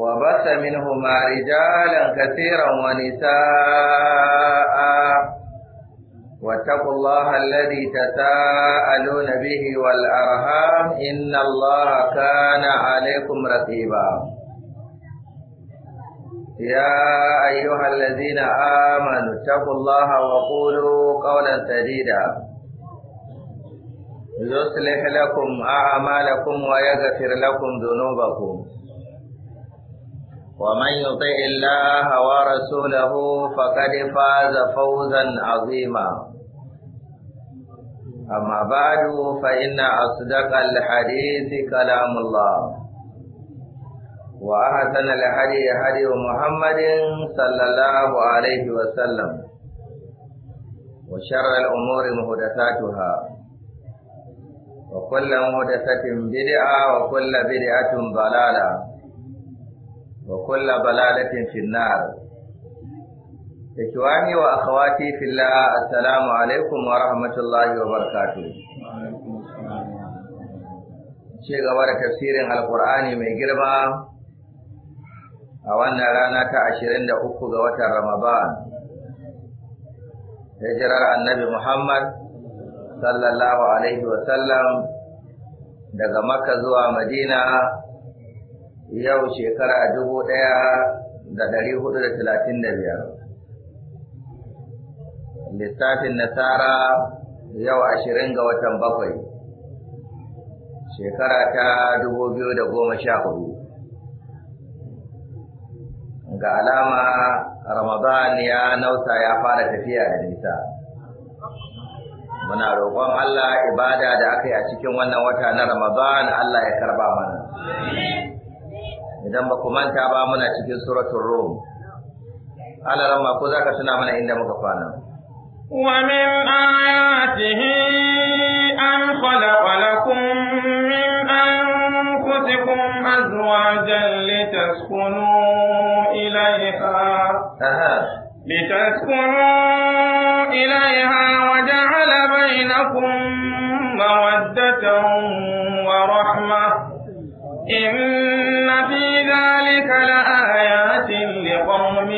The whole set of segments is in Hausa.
وبث منهما رجالا كثيرا ونساء واتقوا الله الذي تساءلون به والأرهام إن الله كان عليكم رقيبا يا أيها الذين آمنوا اتقوا الله وقولوا قولا سديدا يصلح لكم أعمالكم ويغفر لكم ذنوبكم ومن يطع الله ورسوله فقد فاز فوزا عظيما أما بعد فإن أصدق الحديث كلام الله وأحسن الحدي حدي محمد صلى الله عليه وسلم وشر الأمور مهدساتها وكل مهدسة بدعة وكل بدعة ضلالة wa kulla balalatin finnar Ikhwani wa akhawati filla assalamu alaikum wa rahmatullahi wa barakatuh Ci gaba da tafsirin Alƙur'ani mai girma a wannan rana ta ashirin da uku ga watan Ramadan Hijirar Annabi Muhammad sallallahu alaihi wa sallam daga Makka zuwa Madina yau shekara dubu ɗaya da ɗari hudu da talatin da biyar. Lissafin Nasara yau ashirin ga watan bakwai, shekara ta dubu biyu da goma sha hudu. Ga alama Ramadan ya nausa ya fara tafiya da nisa. Muna roƙon Allah ibada da aka yi a cikin wannan wata na Ramadan Allah ya karba mana. idan ba ku manta ba muna cikin suratul rum Ana ramma ko zaka tuna mana inda muka kwana wa min ayatihi an khalaqa lakum min anfusikum azwajan litaskunu ilayha لتسكنوا إليها وجعل بينكم مودة ورحمة إن في ذلك لآيات لقوم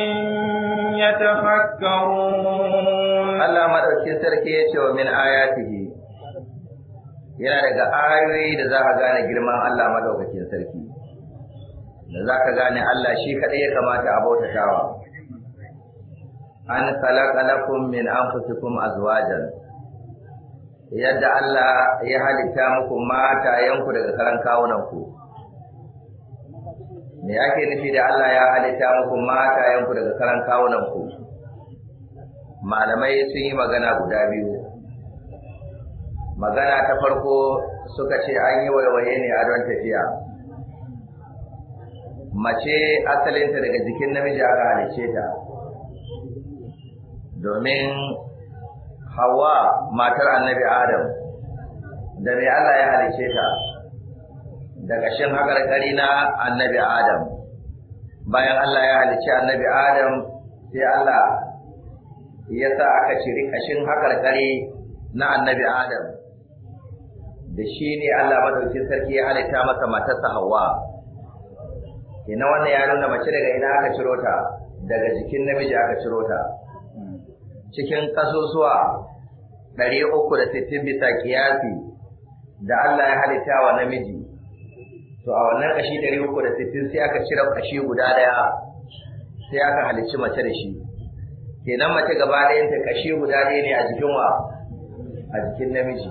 يتفكرون الله ما ɗauki sarki ya ce wa min yana daga ayoyi da za ka gane girman Allah madaukakin sarki da za ka gane Allah shi kaɗai ya kamata a shawa. an salaka lakum min anfusikum azwajan yadda Allah ya halitta muku yanku daga karan kawunanku me yake nufi da Allah ya halitta muku mata yanku daga karan kawunan ku malamai sun yi magana guda biyu magana ta farko suka ce an yi waiwaye ne a don tafiya mace asalinta daga jikin namiji aka halice ta domin hawa matar annabi adam da mai Allah ya halice ta daga shin hakarkari na annabi Adam bayan Allah ya halicci annabi Adam sai Allah ya sa aka ciri kashin hakarkari na annabi Adam da shi ne Allah madaukin sarki ya halitta masa matarsa hawa ina wannan ya nuna mace daga ina aka ciro ta daga jikin namiji aka ciro ta cikin kasusuwa ɗari uku da sittin bisa kiyasi da Allah ya halitta wa namiji to a wannan kashi sittin sai aka cire kashi guda daya sai aka halicci mace da shi kenan mace gaba ɗayan ta kashi guda ɗaya ne a jikin wa a jikin namiji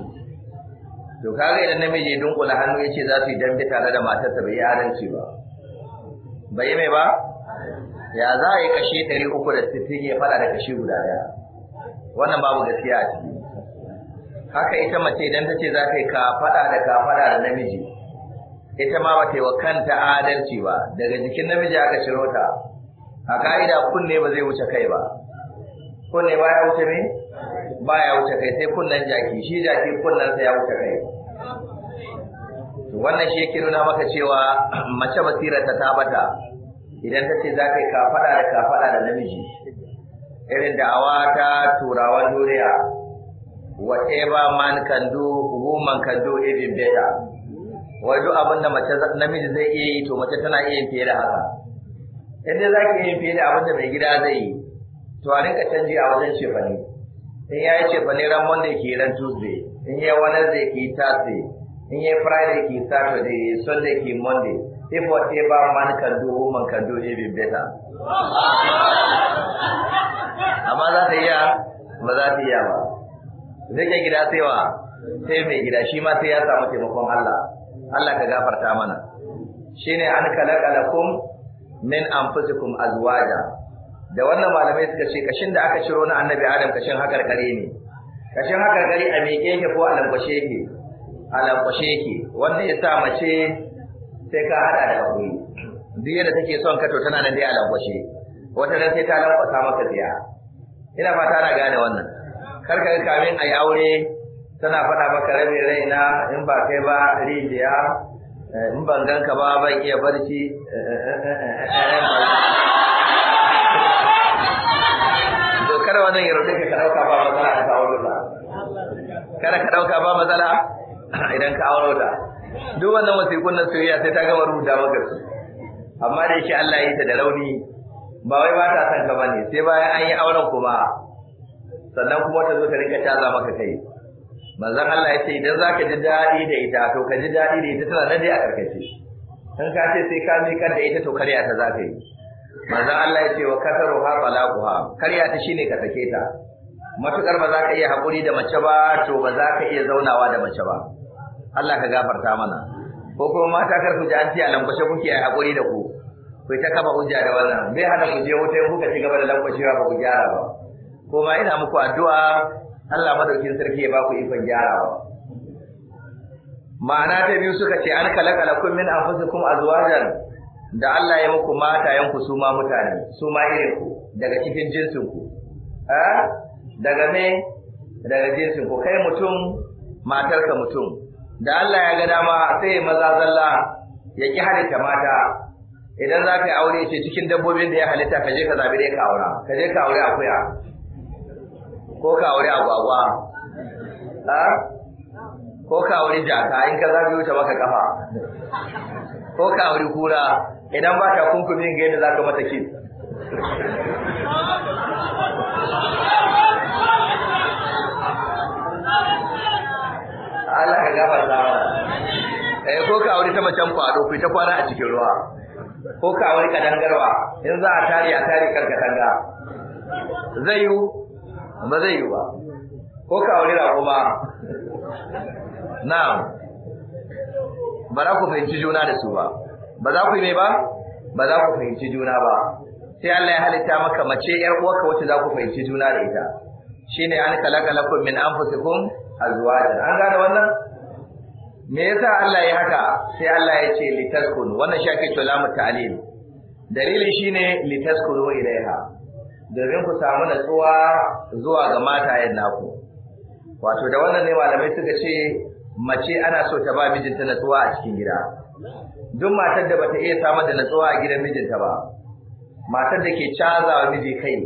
to kaga idan namiji ya dunkula hannu yace za su yi dambe tare da matarsa bai yi adalci ba bai mai ba ya za a yi kashe sittin ya fada da kashe guda daya wannan babu gaskiya a ciki haka ita mace idan ta ce za ta yi ka fada da ka fada da namiji ita ma ba ta yi wa kanta adalci ba daga jikin namiji aka ciro ta a ka'ida kunne ba zai wuce kai ba kunne ba ya wuce ne ba ya wuce kai sai kunnen jaki shi jaki kunnen sa ya wuce kai wannan shi yake nuna maka cewa mace basira ta tabata idan ta ce za ka yi kafaɗa da kafaɗa da namiji irin da'awa ta turawan duniya whatever man can do woman can do even better wai duk abin da mace namiji zai iya yi to mace tana iya yin fiye da haka inda za ki yin fiye da abin da mai gida zai yi to a rinka canji a wajen shefane in ya yi shefane ran monday ki ran tuesday in ya yi zai ki thursday in ya yi friday ki saturday sunday ki monday if whatever man can do woman can do even better amma za ta iya ba za ta iya ba zai gida sai wa sai mai gida shi ma sai ya samu taimakon Allah Allah ka gafarta mana shine an kalakalakum min anfusikum azwaja da wannan malamai suka ce kashin da aka ciro na annabi adam kashin hakar kare ne kashin hakar kare a meke yake ko a lankwashe yake a lankwashe yake wanda ya sa mace sai ka hada da hakuri duk yadda take son ka to tana nan dai a lankwashe wata ran sai ta lankwasa maka ziya ina fata na gane wannan kar ka kamin yi aure tana faɗa maka rabe raina in ba kai ba rijiya in ban ganka ba ban iya barci dokar wannan yaro ka dauka ba matsala ka aure da kada ka dauka ba matsala idan ka aure da duk wannan wasiƙun na soyayya sai ta gama rubuta maka su amma da shi Allah ya ta da rauni ba wai ba ta san ka bane sai bayan an yi auren kuma sannan kuma ta zo ta rinka caza maka kai manzon Allah ya ce idan zaka ji daɗi da ita to ka ji daɗi da ita tana nan dai a karkace in ka ce sai ka miƙar da ita to karya ta ka yi manzon Allah ya ce wa kasaru ha balaguha karya ta shine ka sake ta matukar ba za ka iya haƙuri da mace ba to ba za ka iya zaunawa da mace ba Allah ka gafarta mana ko kuma mata kar ku ji an ce a lankwashe kuke a haƙuri da ku ku ta kafa hujja da wannan bai hana ku je wuta kuka ci gaba da lankwashewa ba ku gyara ba kuma ina muku addu'a Allah madaukin sarki ya ba ku ikon gyarawa ma'ana ta biyu suka ce an kalakala kun min anfusikum azwajan da Allah ya muku mata yanku su ma mutane su ma irin ku daga cikin jinsin ku eh daga me daga jinsin ku kai mutum matarka mutum da Allah ya ga dama sai ya maza zalla ya ki halitta mata idan za ka aure ce cikin dabbobin da ya halitta ka je ka zabi dai ka aura ka je ka aure akuya ko ka wuri agwagwa ha ko ka wuri jaka in ka zabi wuce maka kafa ko ka wuri kura idan ba ta kunkumi ga yadda zaka mata ki Allah ka gafarta mana eh ko ka wuri ta macen kwado ku ta kwana a cikin ruwa ko ka aure kadangarwa in za a tare a tare karkatanga zai yi ba zai yi ba ko ka aure rago ba na'am ba za ku fahimci juna da su ba ba za ku yi mai ba ba za ku fahimci juna ba sai Allah ya halitta maka mace yar uwarka wacce za ku fahimci juna da ita shine an kalaka lakum min anfusikum azwajan an gane wannan me yasa Allah ya haka sai Allah ya ce litaskun? wannan shi ake cewa lamu ta'lil dalili shine litaskunu ilaiha domin ku samu natsuwa zuwa ga matayen naku wato da wannan ne malamai suka ce mace ana so ta ba mijinta natsuwa a cikin gida duk matar da bata iya samar da natsuwa a gidan mijinta ba matar da ke cazawa miji kai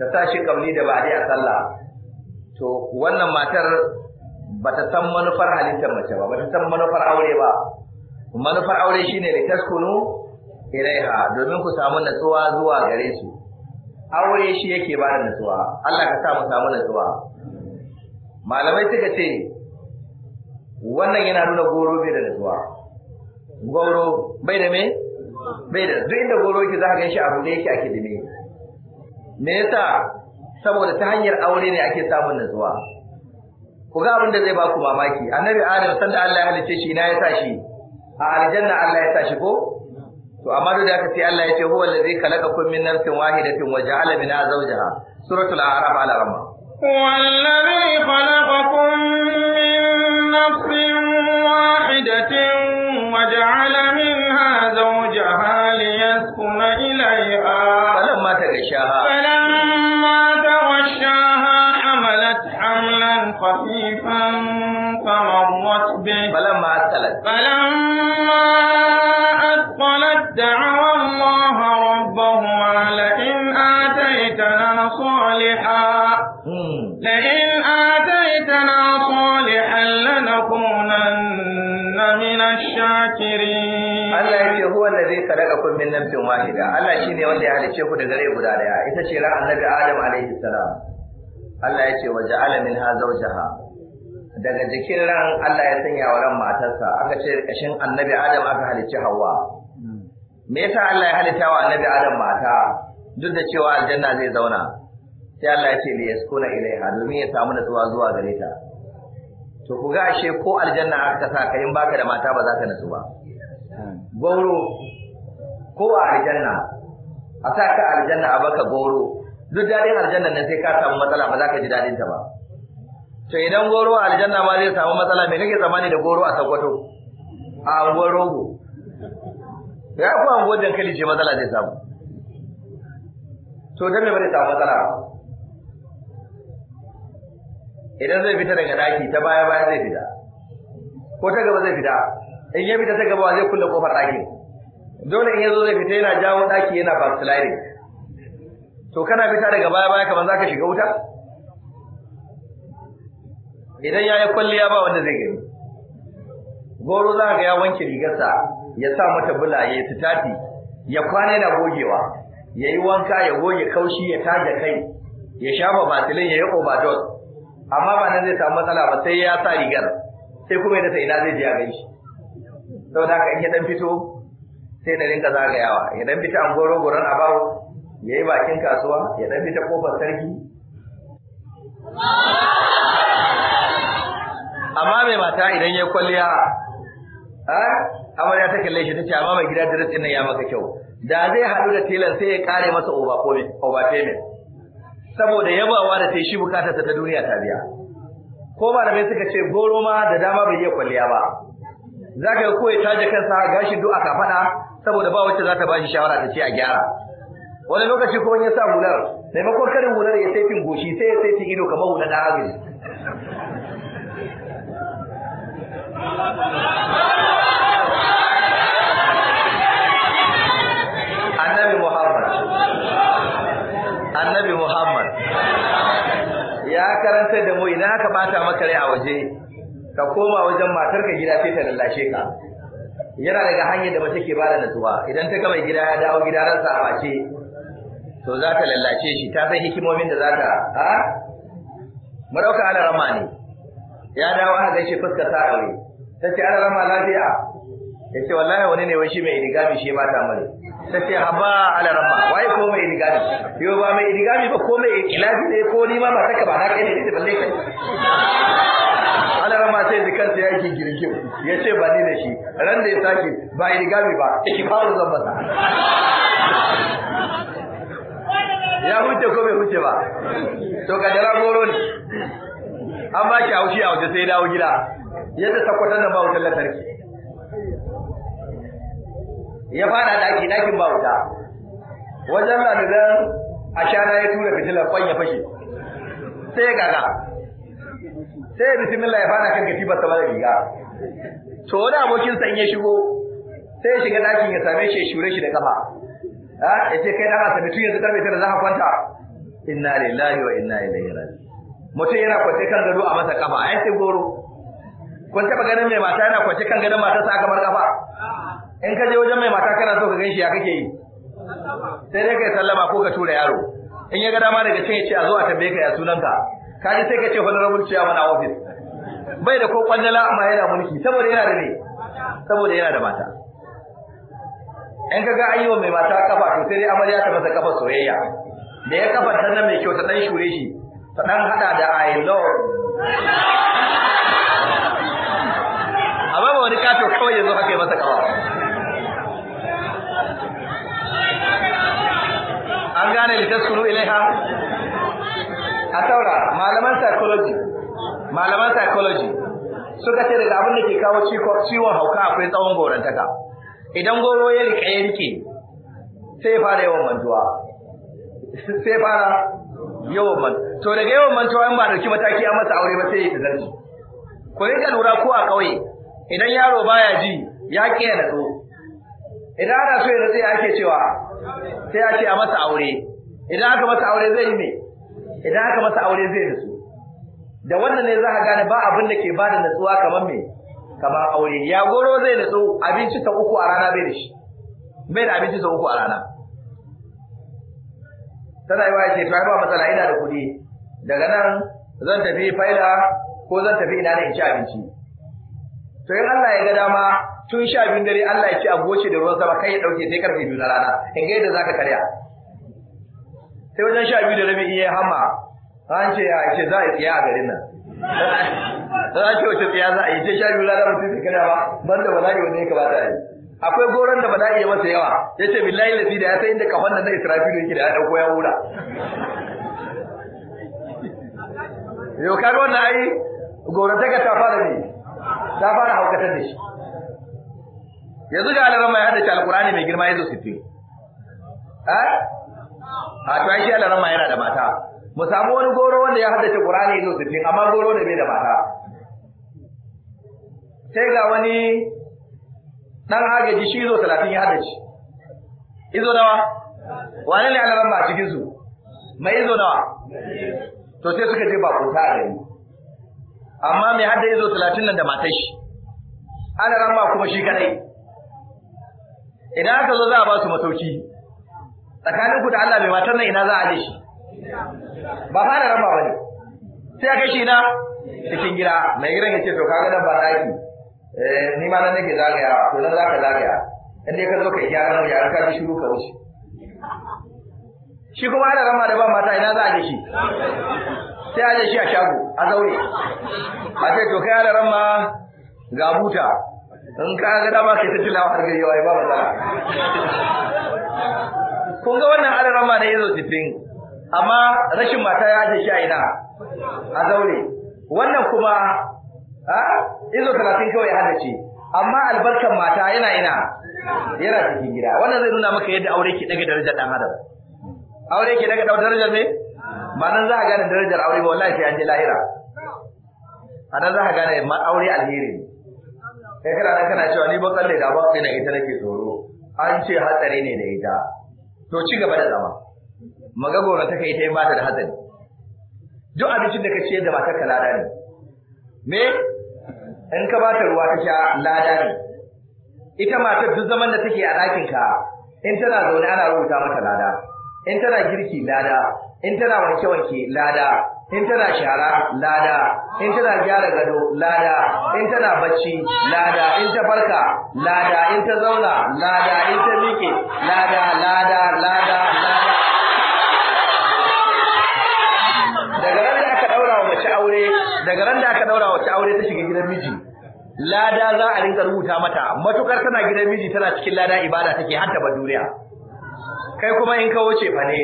ta sa shi kamni da ba a sallah to wannan matar bata san manufar halittar mace ba bata san manufar aure ba manufar aure shine ne taskunu ilaiha domin ku samu natsuwa zuwa gare su aure shi yake ba da nutsuwa Allah ka sa mu samu nutsuwa malamai suka ce wannan yana nuna goro bai da nutsuwa goro bai da me bai da duk inda goro yake za ka ganshi abu da yake a kidime me yasa saboda ta hanyar aure ne ake samun nutsuwa ku ga abin da zai ba ku mamaki annabi adam sanda Allah ya halice shi na ya sa shi a aljanna Allah ya sa shi ko to amma da aka ce Allah ya ce huwa allazi khalaqakum min nafsin wahidatin wa ja'ala minha zawjaha suratul a'raf ala ramma huwa allazi khalaqakum min nafsin wahidatin wa ja'ala minha zawjaha liyaskuna ilayha falamma tagashaha لئن آتيتنا صالحا لنكونن من الشاكرين الله yake هو الذي خلقكم من nafsin واحدة الله shine wanda ya halice الشيخ daga rai guda daya ita ce ran annabi Adam alaihi salam Allah yake waja'ala minha daga jikin ran Allah ya sanya wa ran matarsa aka ce kashin annabi Adam aka halice Hawwa me yasa Allah ya halitta wa annabi Adam mata duk da cewa aljanna zai zauna sai Allah ya ce li yaskuna ilaiha domin ya samu natsuwa zuwa gare ta to ku ga ashe ko aljanna aka sa ka in baka da mata ba za ka natsu ba goro ko a aljanna a sa ka aljanna a baka goro duk dadin aljanna nan sai ka samu matsala ba za ka ji dadin ta ba to idan goro a aljanna ma zai samu matsala me kake tsammani da goro a sakwato a anguwar rogo ya ku anguwar dankali ce matsala zai samu to dan me bare samu matsala idan zai fita daga daki ta baya baya zai fita ko ta gaba zai fita in ya fita ta gaba zai kulle kofar daki dole in yazo zai fita yana jawo daki yana sliding to kana fita daga baya baya kamar zaka shiga wuta idan yayi kwalliya ba wanda zai gani goro za ga ya wanke rigarsa ya sa mata bula ya yi tati ya kwana yana gogewa ya yi wanka ya goge kaushi ya taje kai ya shafa batilin ya yi overdose amma ba nan zai samu matsala ba sai ya sa rigar sai kuma ya sai ina zai je a Sau da haka in ya dan fito sai da rinka zagayawa ya dan fita an goro goron a bawo ya yi bakin kasuwa ya dan fita kofar sarki amma mai mata idan ya kwalliya a amarya ta kalle shi tace amma mai gida da din nan ya maka kyau da zai haɗu da tilan sai ya kare masa oba payment saboda yabawa da tai shi bukatar ta duniya ta biya ko malamai suka ce goro ma da dama bai iya kwalliya ba zaka ga koyi taje kansa gashin du'a ka fada saboda ba wacce za bashi shawara ta ce a gyara wani lokaci ko wani ya sa hular maimakon karin hular ya saifin goshi sai ya saifin ido kamar hular da agri idan aka bata maka rai a waje ka koma wajen matarka gida sai ta lallashe ka yana daga hanyar da mace ke ba da natsuwa idan ta kama gida ya dawo gida ransa a wace to za ta lallace shi ta san hikimomin da za ta Mu ɗauka ala rama ne ya dawo aka gaishe fuskar sa aure ta ce ala rama lafiya ya ce wallahi wani ne wai shi mai idigami shi ya bata mare Sai haba ala rabba wai ko mai idigami yo ba mai idigami ba ko mai ilaji ne ko ni ma ba taka ba na kai ne da balle kai ala rabba sai dukan sai yake ya ce ba ni da shi ran da ya saki, ba idigami ba shi faru zan masa ya huce ko bai huce ba to jira goro ne an ba ki haushi a waje sai dawo gida yadda sakwatar da ba wutar lantarki ya fara daki dakin ba wuta wajen da ashana ya tura fitilar kwan ya fashe sai ya gaga sai ya bismillah ya fara kan katibar sama da riga to wani abokin san ya shigo sai ya shiga dakin ya same shi ya shure shi da kafa ya ce kai dan asabi tun yanzu karfe tara za ka kwanta inna lillahi wa inna ilaihi raji'un mutum yana kwance kan gado a masa kafa ai sai goro kun ba ganin mai mata yana kwance kan gado mata sa kamar kafa in ka je wajen mai mata kana so ka ganshi ya kake yi sai dai kai sallama ko ka tura yaro in ya ga dama daga cin ya ce a zo a tambaye ka ya sunanka ka ji sai ka ce honorable chairman a office bai da ko kwandala amma yana mulki saboda yana da ne saboda yana da mata in ka ga ayyo mai mata kafa to sai dai amarya ta masa kafa soyayya da ya kafa ta nan mai kyau ta dan shure shi ta dan hada da i love amma ba wani kato kawai yanzu haka yi masa kafa an gane litaskunu ilaiha a taura malaman psychology malaman psychology suka ce daga abin da ke kawo ciwon hauka akwai tsawon gorantaka idan goro ya rike ya rike sai fara yawan mantuwa sai fara yawan mantuwa to daga yawan mantuwa in ba dauki mataki a masa aure ba sai ya tazarci ku rinka lura ko a kauye idan yaro baya ji ya ke natsu idan ana so yanzu sai ake cewa sai ake a masa aure idan aka masa aure zai yi me idan aka masa aure zai nutsu da wannan ne za ka gane ba abin da ke ba da nutsuwa kamar me kamar aure ya goro zai nutsu abinci ta uku a rana bai da shi bai da abinci ta uku a rana tana yi wa ce to ba matsala ina da kuɗi daga nan zan tafi faila ko zan tafi ina ne in ci abinci to in Allah ya ga dama tun sha biyun dare Allah ya ce a goce da ruwan sama kai ya ɗauke sai karfe biyu na rana in ga yadda ka karya sai wajen sha biyu da rabi iya hama an ce ya ce za a yi tsiya a garin nan za a ce wace tsiya za a yi ce sha biyu na rana sai karya ba da bala'i wanda ya kamata a yi akwai goron da bala'i ya masa yawa ya ce billahi lafi da ya san inda kafan nan na israfilu yake da ya dauko ya wura yau kaga wannan ai gorantaka ta fara ne ta fara haukatar da shi yanzu ga alarama ya haddace alkurani mai girma ya zo sittin a a to shi alarama yana da mata mu samu wani goro wanda ya haddace qur'ani ya zo sittin amma goro da bai da mata sai ga wani dan agaji shi zo talatin ya haddace izo nawa wani ne alarama a cikin su mai izo nawa to sai suka je ba kuta a gari amma mai hadda izo talatin nan da matashi alarama kuma shi kadai idan aka zo za a ba su matauci tsakaninku da Allah mai matar nan ina za a je shi ba fara raba ba ne sai aka shi na cikin gida mai gidan ya ce to kaga dan ba daki eh ni ma nan nake zagaya to nan zaka zagaya in dai ka zo ka gyara nan yaran ka ji shiru ka wuce shi kuma ana rama da ba mata ina za a je shi sai a je shi a shago a zaure a ce to kai ana rama ga buta in ka ga dama kai ta tilawa har gari yawa ba matsala kun ga wannan alarama ne yazo tifin amma rashin mata ya ce shi a ina a zaure wannan kuma a izo 30 kawai hada ce amma albarkan mata yana ina yana cikin gida wannan zai nuna maka yadda aure ke daga darajar dan adam aure ke daga darajar ne? ba nan za ka gane darajar aure ba wallahi sai an je lahira a nan za ka gane aure alheri ne kai kana nan kana cewa ni ba kalle da ba sai na ita nake tsoro an ce hatsari ne da ita to ci gaba da zama magagora ta kai ta yi bata da hatsari duk abincin da ka ciyar da matar lada ne me in ka bata ruwa ta sha lada ne ita matar duk zaman da take a ɗakin ka in tana zaune ana rubuta mata lada in tana girki lada in tana wanke-wanke lada in tana shara lada in tana gyara gado lada in tana bacci lada in ta farka lada in ta zauna lada in ta miƙe lada lada lada lada daga ran da aka daura wa mace aure daga ran da daura wa mace aure ta shiga gidan miji lada za a rinka rubuta mata matukar tana gidan miji tana cikin lada ibada take har ta duniya kai kuma in ka wuce fa ne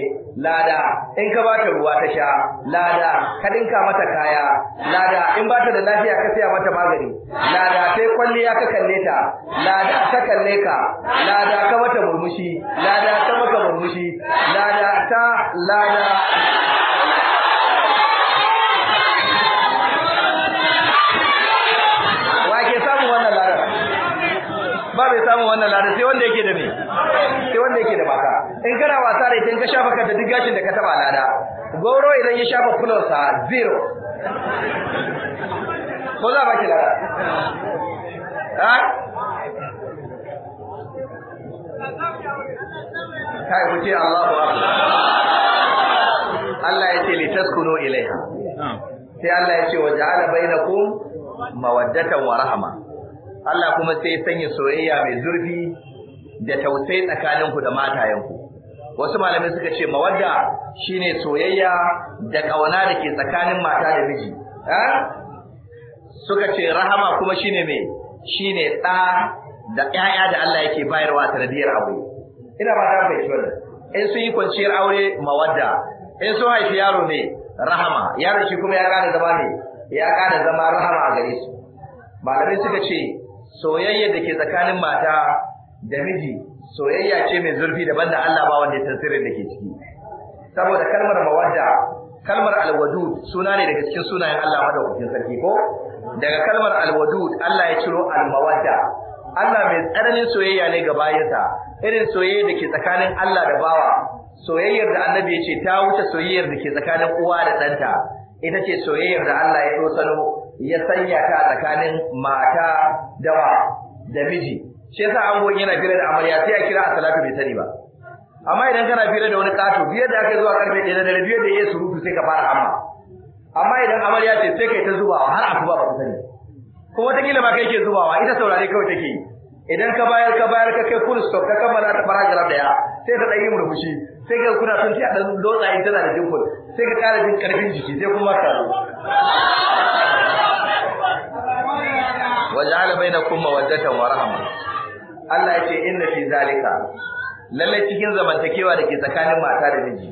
lada in ka bata ruwa ta sha lada ka dinka mata kaya lada in bata da lafiya ka siya mata magani lada sai kwalliya ka kalle ta lada ta kalle ka lada ka mata murmushi lada ta maka murmushi lada ta lada ba bai samu wannan lada sai wanda yake da me sai wanda yake da baka in kana wasa da ita in ka shafa ka da duk gashin da ka taba lada goro idan ya shafa kulonsa zero ko za ba ki lada ha kai wuce Allahu akbar Allah ya ce taskunu ilaiha sai Allah ya ce ja'ala bainakum mawaddatan wa rahma Allah kuma sai ya sanya soyayya mai zurfi da tausayi tsakaninku da matayenku wasu malamai suka ce mawadda shine soyayya da kauna da ke tsakanin mata da miji suka ce rahama kuma shine me shine da da ƴaƴa da Allah yake bayarwa sanadiyar aure ina ba ta fahimci wannan in sun yi kwanciyar aure mawadda in sun haifi yaro ne rahama Yaro shi kuma ya ƙara zama ne ya ƙara zama rahama a gare su malamai suka ce soyayya da ke tsakanin mata da miji soyayya ce mai zurfi daban da Allah ba wanda ya tasirin da ke ciki saboda kalmar mawadda kalmar alwadud suna ne daga cikin sunayen Allah madaukakin sarki ko daga kalmar alwadud Allah ya ciro almawadda Allah mai tsananin soyayya ne ga bayansa irin soyayya da ke tsakanin Allah da bawa soyayyar da annabi ya ce ta wuce soyayyar da ke tsakanin uwa da ɗanta ita ce soyayyar da Allah ya ɗosano ya sanya ta tsakanin mata dawa da miji shi yasa goyi yana fira da amarya sai a kira a salatu bai sani ba amma idan kana fira da wani kato biyar da aka zuwa karfe 1 na dare biyar da yesu surutu sai ka fara amma amma idan amarya ce sai kai ta zubawa har asuba ba ku sani kuma wata kila ba kai ke zubawa ita saurare kawai take yi idan ka bayar ka bayar ka kai full stop ka kammala ta fara jira daya sai ta dai murmushi sai ka kuna son a dan lotsa in tana da dimple sai ka kara jin karfin jiki sai kuma ka وجعل بينكم موده ورحمه Allah ya ce inna fi zalika lalle cikin zamantakewa da ke tsakanin mata da miji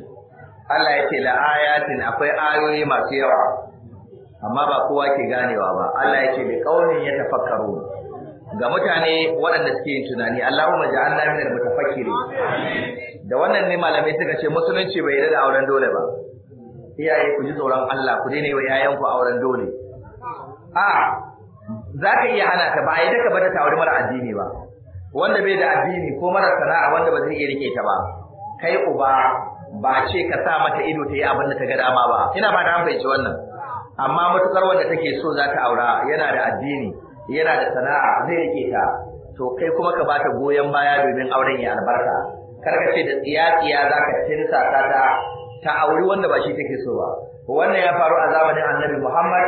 Allah ya ce la ayatin akwai ayoyi masu yawa amma ba kowa ke ganewa ba Allah ya ce bi ya tafakkaru. ga mutane waɗanda suke yin tunani Allahumma ja'alna minal mutafakkiri da wannan ne malamai suka ce musulunci bai yarda da auren dole ba iyaye ku ji tsoron Allah ku daina wa yayanku auren dole a za ka iya hana ta ba a yi daka bata ta mara addini ba wanda bai da addini ko mara sana'a wanda ba zai iya rike ta ba kai uba ba ce ka sa mata ido ta yi abin da ta ga dama ba ina ba da fahimci wannan amma matukar wanda take so za ta aura yana da addini yana da sana'a zai rike ta to kai kuma ka bata goyon baya domin auren ya albarka kar ka ce da tsiya-tsiya za ka tinsa ta ta ta auri wanda ba shi take so ba wannan ya faru a zamanin annabi Muhammad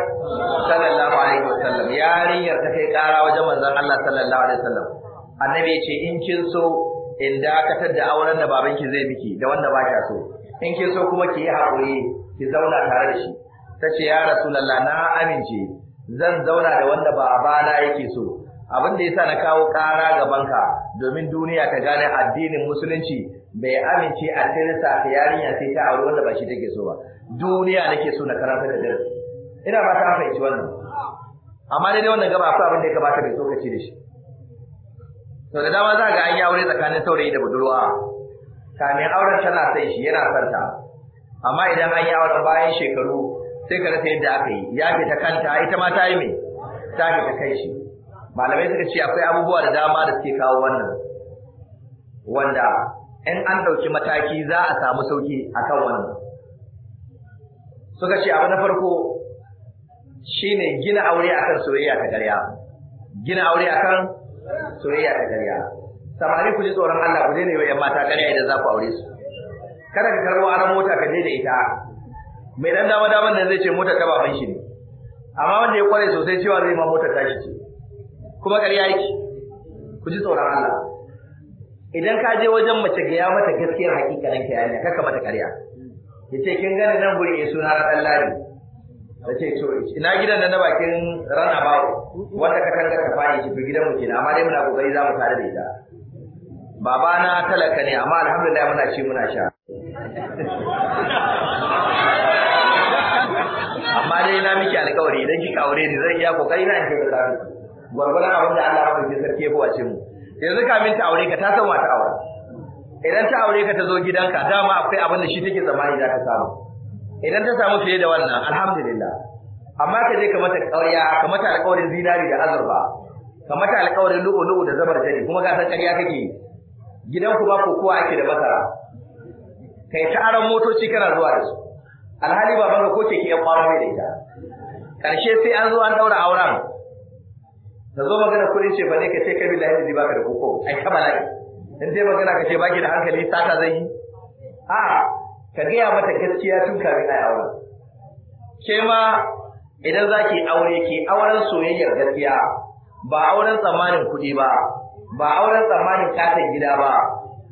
sallallahu alaihi wasallam yarinyar ta kai kara wajen manzon Allah sallallahu alaihi wasallam annabi ya ce in kin so in dakatar da auren da babanki zai miki da wanda ba kya so in kin so kuma ki yi haƙuri ki zauna tare da shi ta ce ya rasulallah na amince zan zauna da wanda ba a bana yake so abin da yasa na kawo ƙara ka domin duniya ta gane addinin musulunci bai amince a tirsa ta yarinya sai ta aure wanda ba shi take so ba duniya nake so na karanta da darasi ina ba ta fahimci wannan amma dai wannan gaba akwai abin da ya kamata mai tsokaci da shi to da dama za ga an yawo aure tsakanin saurayi da budurwa kamin auren tana sai shi yana farta. amma idan an yawo auren bayan shekaru sai ka rasa yadda aka yi ya fita ta kanta ita ma ta yi mai ta fita kai shi malamai suka ce akwai abubuwa da dama da suke kawo wannan wanda in an ɗauki mataki za a samu sauki a kan wannan suka ce abu na farko shine gina aure akan soyayya ta ƙarya gina aure akan soyayya ta ƙarya samari ku ji tsoron Allah ku daina yi wa mata ƙarya idan za ku aure su kada ka karɓo aron mota ka je da ita mai dan dama daman nan zai ce mota ta baban shi ne amma wanda ya kware sosai cewa zai ma mota ta shi ce kuma ƙarya yake ku ji tsoron Allah idan ka je wajen mace ga ya mata gaskiyar hakikanin ka yanya kaka mata ƙarya ce kin gane nan guri ya suna na ɗan lari da ce to ina gidan da na bakin rana bawo wanda ka kanga ka fani shi gidan mu kenan amma dai muna kokari za mu tare da ita baba na talaka ne amma alhamdulillah muna ci muna sha amma dai na miki alƙawari idan kika aure ni zan iya kokari na in da da gwargwaran abin da Allah ya ke sarki ya bawace mu yanzu kamin ta aure ka ta san wata aure idan ta aure ka ta zo gidanka dama akwai abin da shi take tsammani za ka samu idan ta samu fiye da wannan alhamdulillah amma ka je ka mata ƙarya ka mata alƙawarin zinari da azurfa ka mata alƙawarin lu'u-lu'u da zabar jari kuma ga san ƙarya kake gidan ku ba kokowa ake da masara kai ta aran motoci kana zuwa da su alhali baban ka ko ke ki ƙwaro mai da ita karshe sai an zo an daura auren Ka zo magana kuɗin ce ba ne ka ce ka billahi ba baka da koko ai ka bala'i in dai magana ka ce baki da hankali sata zai yi a'a ka gaya mata gaskiya tun kafin a aure ke ma idan za ki aure ki auren soyayyar gaskiya ba auren tsammanin kuɗi ba ba auren tsammanin katin gida ba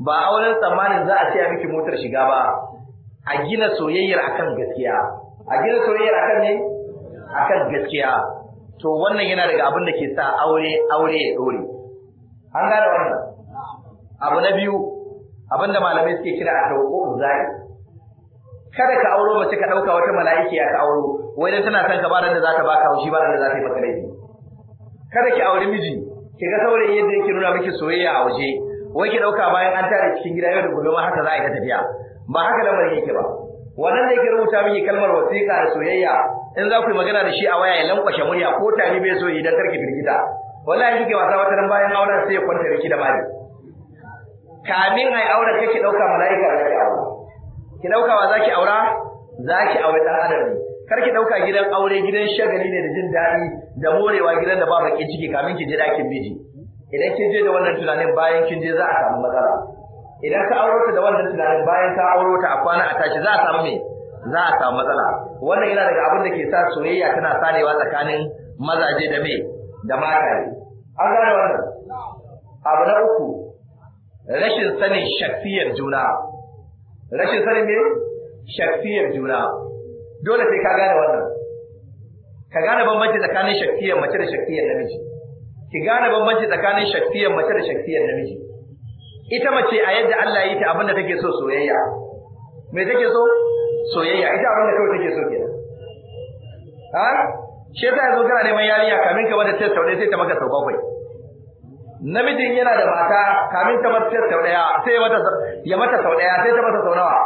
ba auren tsammanin za a siya miki motar shiga ba a gina soyayyar akan gaskiya a gina soyayyar akan ne akan gaskiya to wannan yana daga abin da ke sa aure aure ya dore an gane wannan abu na biyu abinda malamai suke kira a tawqo zai kada ka auro mace ka dauka wata mala'iki ka auro wai dan tana san ka ba da za ta baka haushi ba da za ta yi maka laifi kada ki auri miji ki ga saurayin yadda yake nuna miki soyayya a waje wai ki dauka bayan an tare cikin gida yau da gobe ma haka za a yi ta tafiya ba haka lamarin yake ba wannan da yake rubuta miki kalmar wasiƙa da soyayya in za ku yi magana da shi a waya ya lankwashe murya ko tani bai so idan karki firgita wallahi kike wasa wata nan bayan auren sai ya kwanta da ki da mali kamin ai auren kake dauka mala'ika da ke ki dauka wa zaki aura zaki aure dan adam ne kar ki dauka gidan aure gidan shagali ne da jin daɗi da morewa gidan da ba bakin ciki kamin ki je dakin miji idan kin je da wannan tunanin bayan kin je za a samu matsala idan ka auro ta da wannan tunanin bayan ka auro ta a kwana a tashi za a samu me za a samu matsala wannan yana daga abin da ke sa soyayya tana sarewa tsakanin mazaje da me da ne an gane wannan abu na uku rashin sanin shafiyar juna rashin sani ne shakkiyar juna dole sai ka gane wannan ka gane bambanci tsakanin shafiyar mace da shafiyar namiji ki gane bambanci tsakanin shafiyar mace da shafiyar namiji ita mace a yadda Allah ya yi ta abinda take so soyayya me take so soyayya ita abinda kawai take so kenan ha shi yasa yanzu kana neman yariya kamin ka bada test sau sai ta maka sau bakwai namijin yana da mata kamin ta mace sau daya sai ya mata sau daya sai ta mata sau nawa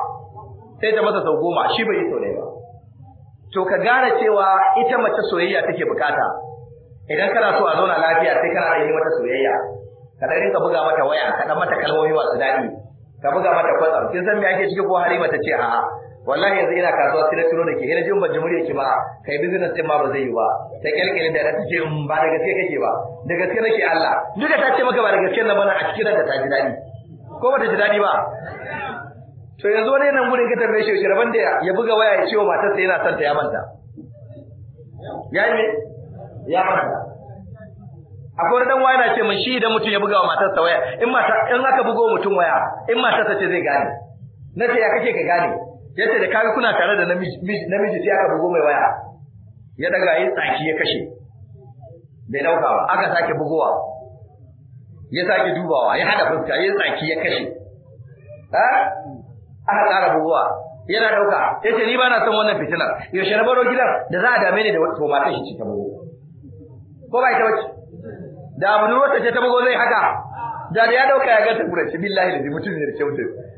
sai ta mata sau goma shi bai yi sau daya ba to ka gane cewa ita mace soyayya take bukata idan kana so a zauna lafiya sai kana yi mata soyayya ka dan rinka buga mata waya ka dan mata kalmomi masu daɗi ka buga mata kwatsam kin san me ake ciki ko Halima ta ce a'a wallahi yanzu ina kasuwa sai na tuno da ke ina jin ban jimuri ke ba kai business din ma ba zai yi ba ta kyalkyalin da ta ce ba da gaske kake ba da gaske nake Allah duka ta ce maka ba da gaske na bana a cikin da ta ji dadi ko ba ta ji dadi ba to yanzu wani nan gurin ka tambaye shi shirban da ya buga waya ya ce wa matarsa yana son ta ya manta ya yi ya manta akwai dan waya na ce mun shi idan mutum ya buga wa matarsa waya in mata in aka bugo mutum waya in matarsa ce zai gane na ce ya kake ka gane yace da kaga kuna tare da namiji namiji sai aka bugo mai waya ya daga yi tsaki ya kashe bai dauka ba aka sake bugowa ya sake dubawa ya hada fuska yin tsaki ya kashe ha aka tsara bugowa yana dauka yace ni ba na son wannan fitina yaushe na baro gidan da za a dame ni da wato kashi shi ta bugo ko ba ita wace da abu nuru ta ce ta bugo zai haka da ya dauka ya ga ta gura shi billahi da mutum ne da kyautai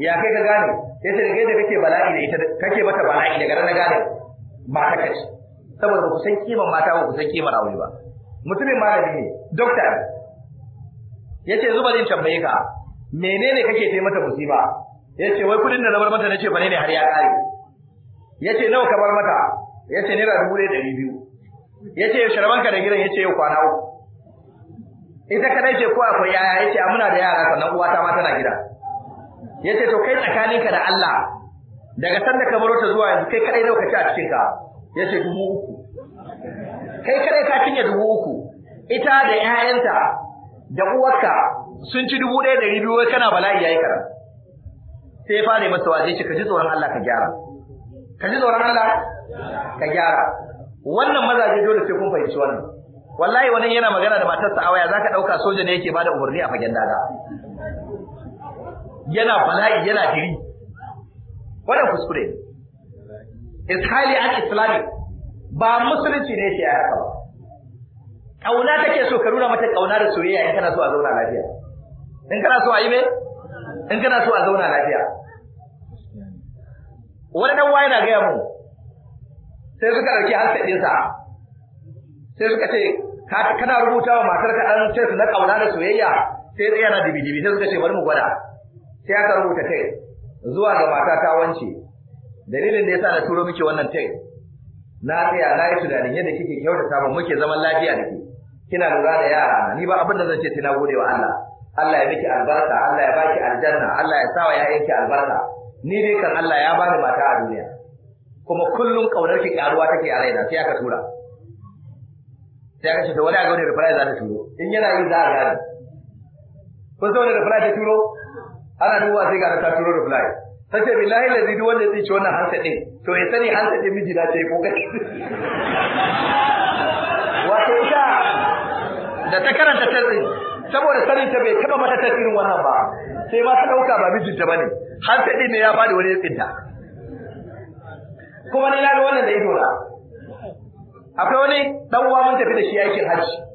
ya kai ka gane sai ce da da kake bala'i da ita kake mata bala'i daga ran na gane mata kace saboda ku san kiman mata ba ku san kiman aure ba mutumin malami ne doctor yace zuba zan tambaye ka menene kake kai mata musiba yace wai kudin da na bar mata nace bane ne har ya kare yace nawa ka bar mata yace naira dubu ɗaya ɗari biyu yace sharbanka da gidan yace yau kwana uku ita ka ce ko akwai yaya yace a muna da yara sannan uwata ma tana gida yace to kai tsakaninka da Allah daga sanda ka baro ta zuwa yanzu kai kadai nawa kace a cikin ka yace dubu uku kai kadai ka cinye dubu uku ita da ƴaƴanta da uwarka sun ci dubu ɗaya da biyu wai kana bala'i yayi karam sai ya fara masa waje ce ka ji tsoron Allah ka gyara ka ji tsoron Allah ka gyara wannan mazaje dole sai kun fahimci wannan wallahi wani yana magana da matarsa a waya zaka dauka soja ne yake bada umarni a fagen dada yana bala'i yana diri wannan kuskure ne is highly anti-islamic ba musulunci ne ke haka ba kauna take so ka nuna mata kauna da soyayya in kana so a zauna lafiya in kana so a yi me in kana so a zauna lafiya wani dan waye na gaya mu sai suka dauki harshe ɗinsa sai suka ce kana rubuta wa matarka ɗan test na kauna da soyayya sai tsaya na dibi dibi sai suka ce bari mu gwada sai aka rubuta kai zuwa ga mata ta wance dalilin da yasa na turo miki wannan tai na tsaya na yi tunanin yadda kike kyautata mun muke zaman lafiya da ke kina lura da yara ni ba abin da zan ce sai na gode wa Allah Allah ya miki albarka Allah ya baki aljanna Allah ya sa wa yayanki albarka ni dai kan Allah ya bani mata a duniya kuma kullum kaunar ki karuwa take a raina sai aka tura sai aka ce to wani a ga wani reply za ta turo in yana yi za a gane kun san wani reply ta turo ana duba sai ga ta turo da ta ce billahi lazi duk wanda zai ci wannan hansa din to ya sani hansa din miji da ce ko kai wato ita da ta karanta ta saboda sanin ta bai taba mata tasirin wannan ba sai ma ta dauka ba mijinta bane hansa din ne ya fadi wani tsinta kuma ni na ga wannan da ido na akwai wani dan uwa mun tafi da shi yakin hajji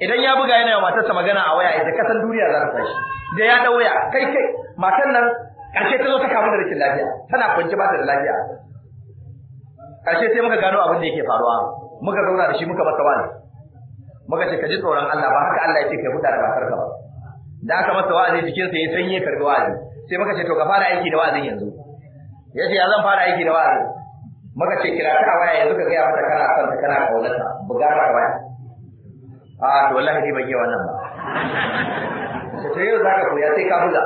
idan ya buga yana matarsa magana a waya idan kasan duniya za ta tashi da ya da waya kai kai matan nan karshe ta zo ta kamu da rikin lafiya tana kwance ba ta da lafiya karshe sai muka gano abin da yake faruwa muka zauna da shi muka masa wani muka ce ka ji tsoron Allah ba haka Allah ya ce kai huta da ka ba da aka masa wa'azi jikinsa ya sanye karbi wa'azi sai muka ce to ka fara aiki da wa'azin yanzu ya ce ya zan fara aiki da wa'azi muka ce kira ta waya yanzu ka gaya mata kana son ta kana kaunata buga ta waya a to wallahi ni ban yi wannan ba sai yau zaka koya sai ka buga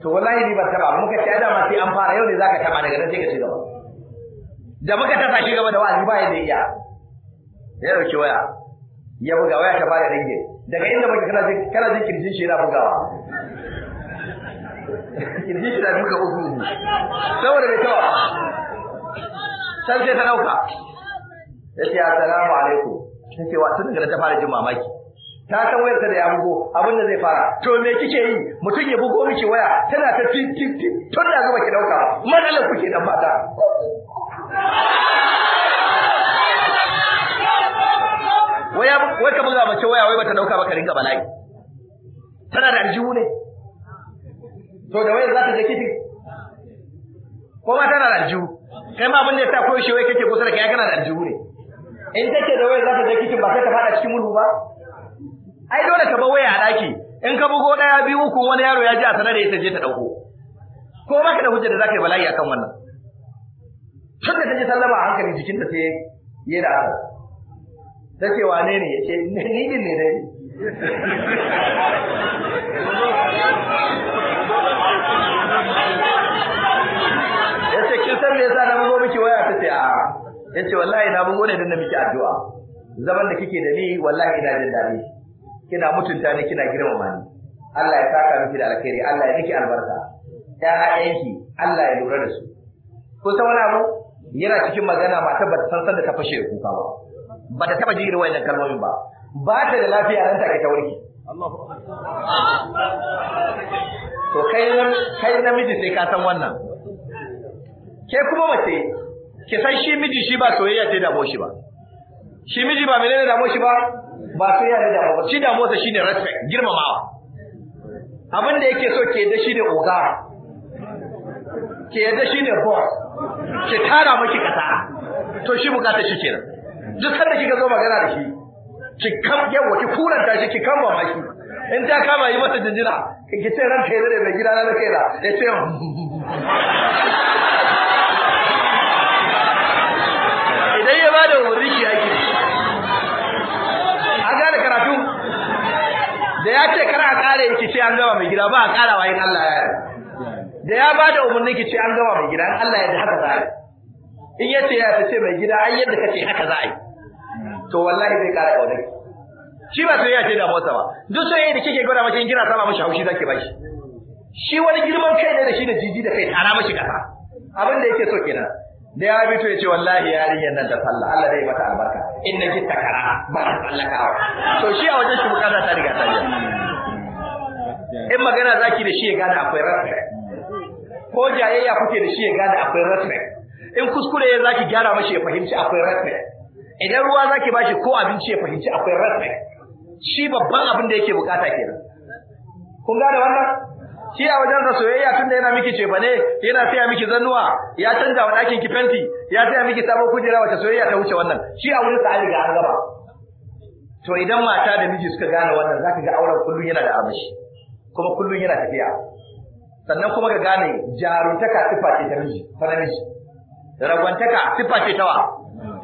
to wallahi ni ban taba muka ci dama sai an fara yau ne zaka taba daga nan sai ka ci gaba da muka tasa shi gaba da wani ba ya iya ya dauki waya ya buga waya ta fara ringe daga inda muke kana jin kana jin kirjin shi yana bugawa kirjin shi na buga uku saboda bai tawa sai sai ta dauka yace assalamu alaikum sun ce wa tun daga ta fara jin mamaki ta san ta da ya bugo abin da zai fara to me kike yi mutum ya bugo miki waya tana ta tin tin tin tun da zuba ki dauka matsalar kuke dan mata waya wai ka buga mace waya wai bata dauka ba ka ringa bala'i tana da aljihu ne to da wayar za ta je kiti, ko ma tana da aljihu kai ma abin da ya sa koyaushe wai kake kusa da kai kana da aljihu ne in take da waya za ta je kitchen ba sai ka fara cikin murhu ba ai dole ka bar waya a daki in ka bugo daya biyu uku wani yaro ya ji a sanar da ita je ta dauko ko ba ka da hujja da zaka yi bala'i akan wannan tunda ta ji sallama a hankali jikinta sai yayi da aka ta ce wane ne ya ce ni din ne dai ya ce kin san me yasa na bugo miki waya ta ce a'a yace wallahi na bugo ne dan da miki addu'a zaman da kike da ni wallahi ina jin dadi kina mutunta ni kina girmama ni Allah ya saka miki da alkhairi Allah ya miki albarka ƴaƴanki Allah ya lura da su ko ta wani abu yana cikin magana ba ta san san da ta fashe kuka ba ba ta taba jin wannan kalmomin ba ba ta da lafiya ranta take ta warke to kai kai namiji sai ka san wannan ke kuma mace ke san shi miji shi ba soyayya ta damo shi ba shi miji ba menene damo shi ba ba soyayya ta damo ba shi damo sa shine respect girmamawa abin da yake so ke da ne oga ke da ne boss ke tara miki kasa to shi bukata shi kenan duk sanda kika zo magana da shi ki kam yawa ki da shi ki ba mashi in ta kama yi masa jinjina ki ce ran tare da mai gidana na da ya ce sai ya bada umarni shi ake a gane karatu da ya ce kar a kare ki ce an gama mai gida ba a kara wa yin Allah ya da ya bada umarni ki ce an gama mai gida Allah ya da haka za a in yace ya fi ce mai gida ai yadda ka ce haka za a yi to wallahi zai kara kaune shi ba sai ya ce da mota ba duk sai da kike gwada maka in kira sama mashi haushi zaki bashi shi wani girman kai ne da shi da jiji da kai tara mashi kasa abin da yake so kenan da ya fito ya ce wallahi yarinyar nan da sallah Allah zai mata albarka in na ki takara ba ta tsallakawa to shi a wajen shi bukata ta riga ta biya in magana zaki da shi ya gane akwai rasfai ko jayayya kuke da shi ya gane akwai rasfai in kuskure ya zaki gyara mashi ya fahimci akwai rasfai idan ruwa zaki bashi ko abinci ya fahimci akwai rasfai shi babban abin da yake bukata kenan kun gane wannan shi a wajen da soyayya tunda yana miki ce ne yana saya miki zannuwa ya canja wa ɗakin ki fenti ya saya miki sabon kujera wata soyayya ta wuce wannan shi a wurin sa an riga an gaba to idan mata da miji suka gane wannan zaka ga auren kullun yana da amshi kuma kullun yana tafiya sannan kuma ka gane jaruntaka sifa ce ta miji ta namiji ragwantaka sifa ce ta wa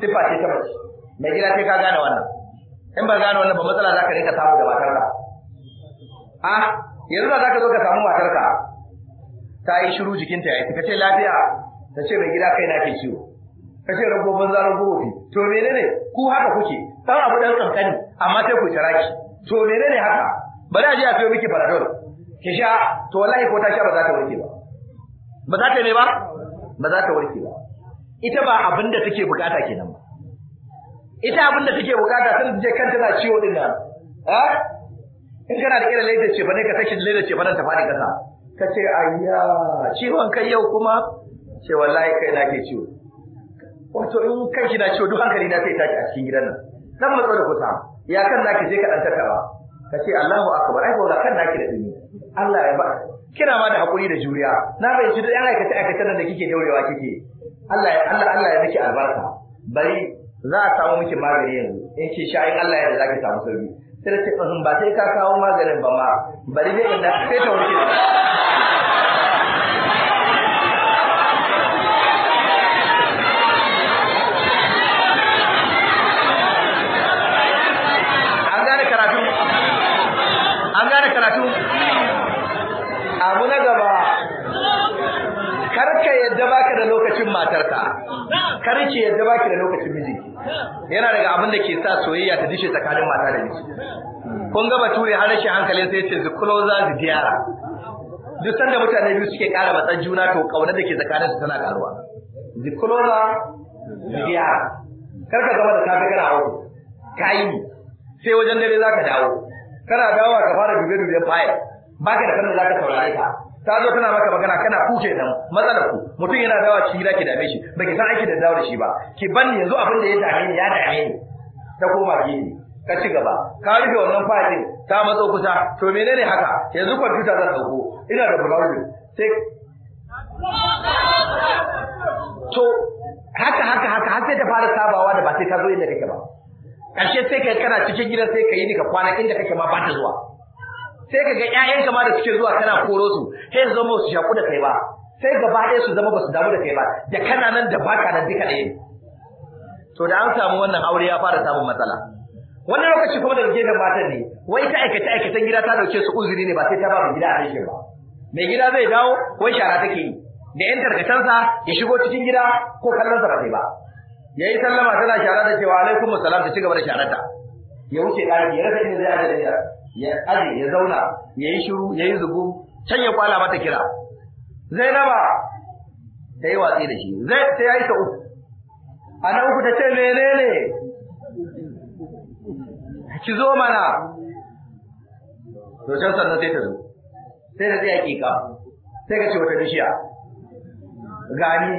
sifa ce ta miji mai gida sai ka gane wannan in ba gane wannan ba matsala zaka rika samu da matar ka ah yanzu da ka zo ka samu matarka ta yi shiru jikinta ya yi ka ce lafiya ta ce mai gida kai na ke ciwo ka ce rago banza rago wofi to menene ku haka kuke ɗan abu ɗan kankani amma sai ku ki to menene haka bari a je a fiye miki faradol ki sha to wallahi ko ta sha ba za ta warke ba ba za ta yi ba ba za ta warke ba ita ba abin da take bukata kenan ba ita abin da take bukata sun je kanta na ciwo din nan eh in kana da irin laidar cefa ne ka kashe laidar cefa nan ta faɗi ƙasa ka ce ayya ciwon kai yau kuma ce wallahi kai na ke ciwo wato in kai ki na ciwo duk hankali na sai tashi a cikin gidan nan dan matso da kusa ya kan naki je ka dan tattaba ka ce Allahu akbar ai ba kan naki da dini Allah ya ba kina ma da hakuri da juriya na bai ci da yan aikata aikace nan da kike daurewa kike Allah ya Allah Allah ya miki albarka bari za a samu miki magani yanzu in ki sha in Allah ya da zaki samu sauki sai da ce ba sai ka kawo maganin ba ma bari dai inda sai ta wuce an gane karatu an gane karatu abu na gaba karka yadda baka da lokacin matarka karki yadda baki da lokacin miji yana daga abin da ke sa soyayya ta dishe tsakanin mata da miji kun ga bature har rashin hankalin sai ce the closer the dear duk sanda mutane biyu suke ƙara matsan juna to kauna da ke tsakanin su tana karuwa the closer the dear kar ka gama da safe kana hawo kai sai wajen dare zaka dawo kana dawowa ka fara dube dube fayil baka da kanda zaka saurare ta ta zo tana maka magana kana kuke nan matsalar ku mutum yana dawa cikin gida ke dame shi ba ki san aiki da dawo da shi ba ki ban yanzu abin da ya dame ni ya dame ni ta koma gefe ka ci gaba ka rufe wannan fadin ta matso kusa to menene haka yanzu kwamfuta zan dauko ina da bulawu sai to haka haka haka har sai ta fara sabawa da ba sai ta zo inda kake ba ƙarshe sai kai kana cikin gida sai ka yi ni ka kwana inda kake ma ba ta zuwa sai ka ga ƴaƴanka ma da suke zuwa kana koro su sai zama su shaku da kai ba sai gaba ɗaya su zama ba su damu da kai ba da kana nan da baka nan duka ɗaya to da an samu wannan aure ya fara samun matsala Wannan lokaci kuma daga gefen matan ne wai ta aikata aikatan gida ta dauke su uzuri ne ba sai ta ba gida a cikin ba mai gida zai dawo wai shara take yi da yan tarkacensa ya shigo cikin gida ko kallon sa ba sai ba yayi sallama tana shara da cewa alaikum assalam ta cigaba da ta ya wuce ɗaki ya rasa inda zai aje da ya aje ya zauna yayi shiru yi zugu can ya kwala mata kira Zainaba ta yi watsi da shi, zai ta yi ta uku. A na uku ta ce menene? Ki zo mana. To can sannan sai ta zo. Sai da tsaye kika. Sai ka ce wata bishiya. Gani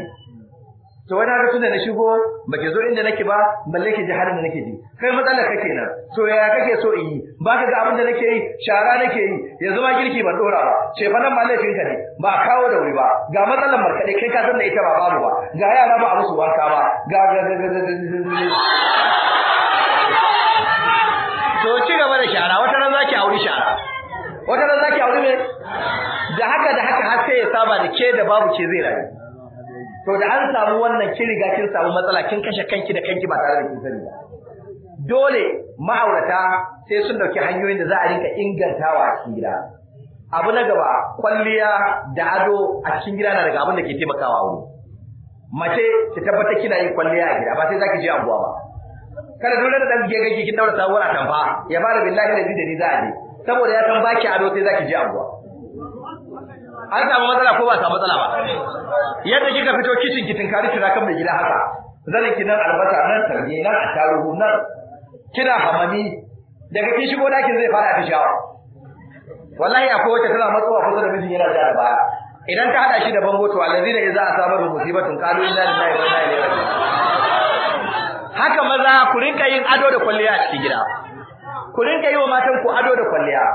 to wani haka tunda na shigo ba ke zo inda nake ba balle ke jihar da nake ji kai matsala ka kenan to yaya kake so in yi ba ka ga abin da nake yi shara nake yi yanzu ma girki ban dora ba ce fa nan ma laifin ka ne ba kawo da wuri ba ga matsalar markaɗe kai ka san da ita ba babu ba ga yara ba a musu wanka ba ga ga ga ga to ci gaba da shara wata ran zaki auri shara wata ran zaki auri me da haka da haka har sai ya saba da ke da babu ke zai rayu to da an samu wannan kin riga kin samu matsala kin kashe kanki da kanki ba tare da kin sani ba dole ma'aurata sai sun dauki hanyoyin da za a rinka ingantawa a cikin gida abu na gaba kwalliya da ado a cikin gida na daga abin da ke taimakawa wuri mace ki tabbata kina yin kwalliya a gida ba sai zaki je anguwa ba kada dole da dan gege kin daura sabuwar atamfa ya fara billahi da ni za a je saboda ya san baki ado sai zaki je anguwa an samu matsala ko ba samu matsala ba yadda kika fito kicin kitin kari kira kan mai gida haka zan ki nan albasa nan tarbiya nan attaruhu nan kina hamami daga kin shigo dakin zai fara fishawa wallahi akwai wata tana matsuwa ko da mijin yana da baya idan ta hada shi da bango to da idza asabaru musibatun qalu inna lillahi wa inna ilaihi raji'un haka maza ku rinka yin ado da kwalliya a cikin gida ku rinka yi wa matan ku ado da kwalliya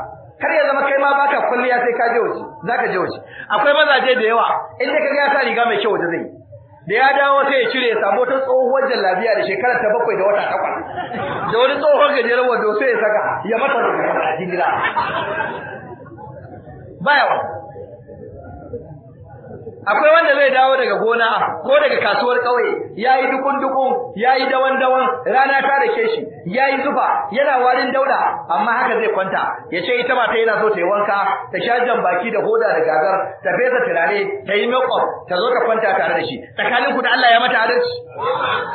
kar ya zama kai ma baka kwalliya sai ka je waje zaka je waje akwai mazaje da yawa inda kaga ya sa riga mai kyau da zai da ya dawo sai ya cire ya samu wata tsohuwar jallabiya da shekara ta bakwai da wata takwas da wani tsohon gajeren wando sai ya saka ya mata da jingira Ba wani akwai wanda zai dawo daga gona ko daga kasuwar kauye yayi dukun dukun yayi dawan dawan rana ta dake shi yayi zufa yana warin dauda amma haka zai kwanta yace ita ba ta yana so ta yi wanka ta sha jan baki da hoda da gagar ta fesa turare ta yi makeup ta zo ta kwanta tare da shi tsakanin ku da Allah ya mata adalci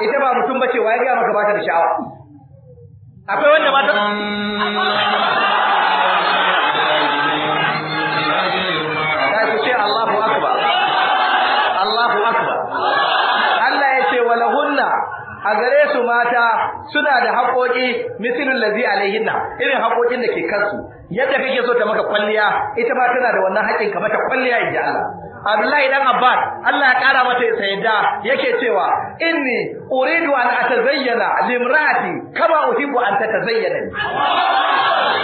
ita ba mutum bace wai ga maka ba ta da sha'awa akwai wanda ba ta a gare su mata suna da haƙoƙi lazi ladzi alaihinna irin haƙoƙin da ke kansu yadda kake so ta maka kwalliya ita ma tana da wannan haƙin ka mata kwalliya ji Allah Abdullahi dan Abbas Allah ya kara mata sayyida yake cewa inni uridu an atazayyana limrati kama uhibbu an tatazayyana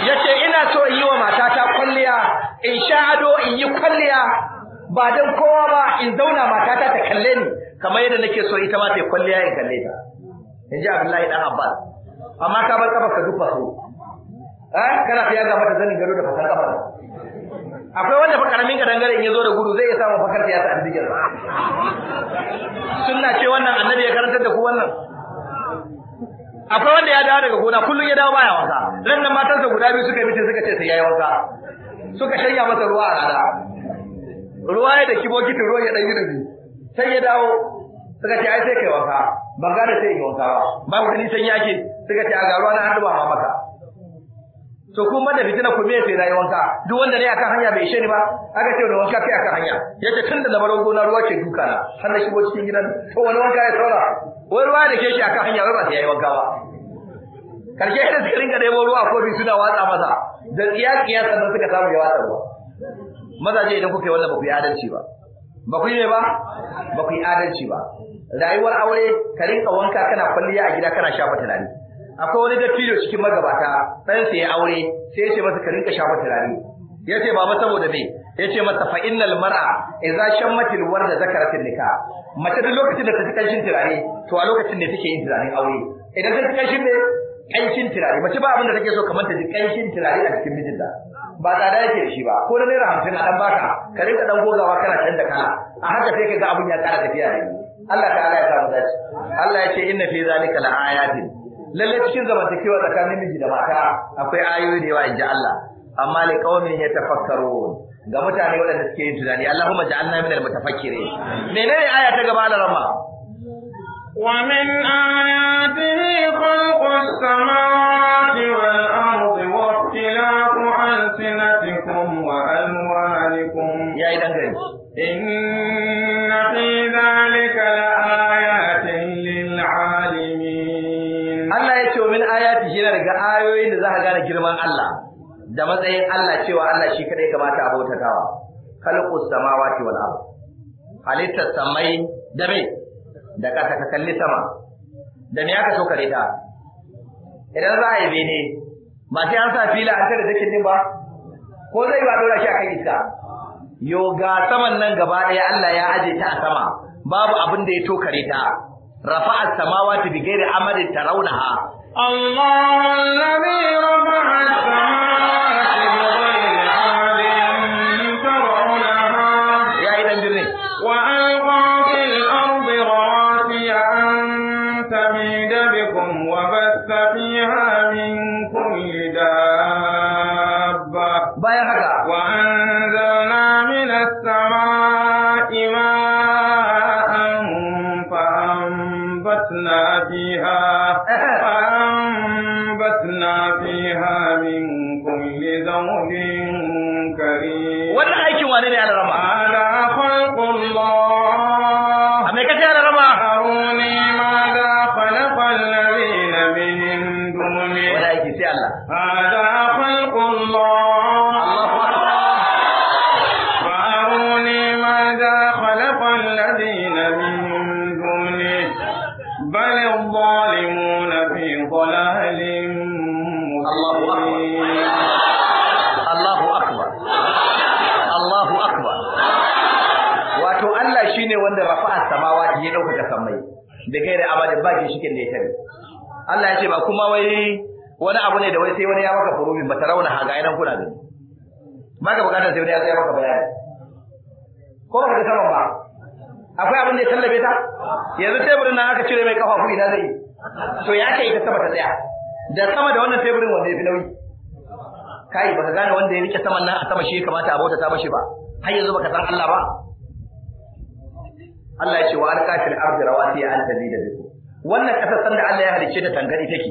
yace ina so in yi wa matata kwalliya in sha ado in yi kwalliya ba dan kowa ba in zauna matata ta kalle ni kamar yadda nake so ita ma ta kwalliya in kalle ta in ji Abdullahi ɗan Abbas amma ka bar kafa ka dubba su, eh kana fiye ga mata zanin gado da fasar kafa akwai wanda fa karamin ka dangare in yazo da gudu zai iya samu fakar ya a cikin sunna ce wannan annabi ya karantar da ku wannan akwai wanda ya dawo daga gona kullun ya dawo baya wasa ran nan matarsa guda biyu suka mitin suka ce sai yayi wasa suka shanya masa ruwa a rana ruwa ya da kibokitin ruwan ya dan yi rubi sai ya dawo suka ce ai sai kai wanka ga da sai yi wanka ba ba ku ni san yake suka ce a ga ruwa na hannu ba ma maka to kuma da fitina ku me sai dai wanka duk wanda ne akan hanya bai ishe ni ba aka ce da wanka kai akan hanya yace tunda da baron gona ruwa ke duka na har na shigo cikin gidan to wani wanka ya saura wai ruwa da ke shi akan hanya ba sai yayi wanka ba karshe da suka rinka ɗebo ruwa ko bi suna watsa masa da tsiya tsiya sannan suka samu ya watsa ruwa mazaje idan kuka yi wannan ba ku yi adalci ba ba ku yi ne ba ba ku yi adalci ba rayuwar aure ka rinka wanka kana kwalliya a gida kana shafa turare akwai wani dattijo cikin magabata ɗansa ya aure sai ya ce masa ka rinka shafa turare ya ce baba saboda me ya ce masa fa innal mar'a idza shammatil warda zakaratil al nikah mace duk lokacin da ta ji kanshin turare to a lokacin ne take yin turaren aure idan ta ji kanshin ne kanshin turare mace ba abin da take so kamar ta ji kanshin turare a cikin mijinta ba tsada yake da shi ba ko na naira hamsin a dan baka ka rinka dan gogawa kana canza kana a haka sai ka ga abin ya ƙara tafiya da ni Allah ta'ala ya samu dace Allah ya ce inna fi zalika laayatin lalle cikin zamantakewa tsakanin miji da mata akwai ayoyi da yawa inji Allah amma li qaumin yatafakkarun ga mutane waɗanda suke yin tunani Allahumma ja'alna minal mutafakkirin menene aya ta gaba da rama wal-ardi wa ikhtilafu والأرض واختلاف ألسنتكم وألوانكم يا gari. إن في ذلك لآيات للعالمين الله يتوب من آياته yana daga ayoyin da zaka gane girman Allah da matsayin Allah cewa Allah shi kadai kamata a bautatawa khalqus samawati wal ard halittar samai da me da kasa ka kalli sama da me aka so kare ta idan za a yi bene ba sai an sa fila an tare da kin ba ko zai ba dora shi akan iska yo ga saman nan gaba ɗaya Allah ya aje ta a sama babu abin da ya tokare ta rafa'a samawati bi ghairi amadin tarawnaha Allahu allazi rafa'a samawati Allah ya ce ba kuma wai wani abu ne da wai sai wani ya maka furubin ba ta ha ga idan kuna gani ba ka bukata sai wani ya tsaya maka bayani ko ba ka saman ba akwai abin da ya tallabe ta yanzu teburin nan aka cire mai ku ina zai to ya kai ta sama ta tsaya da sama da wannan teburin wanda ya fi nauyi kai baka gane wanda ya rike saman nan a sama shi kamata a bauta ta mashi ba har yanzu baka san Allah ba Allah ya ce wa alqatil ardi rawati an tazida bikum wannan kasar san da Allah ya halicce ta tangari take